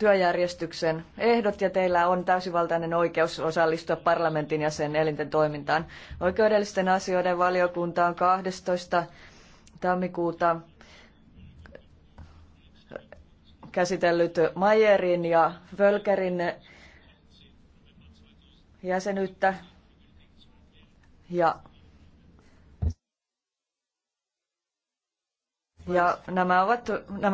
työjärjestyksen ehdot ja teillä on täysivaltainen oikeus osallistua parlamentin ja sen elinten toimintaan. Oikeudellisten asioiden valiokunta on 12. tammikuuta käsitellyt Mayerin ja Völkerin jäsenyyttä ja ja nämä ovat nämä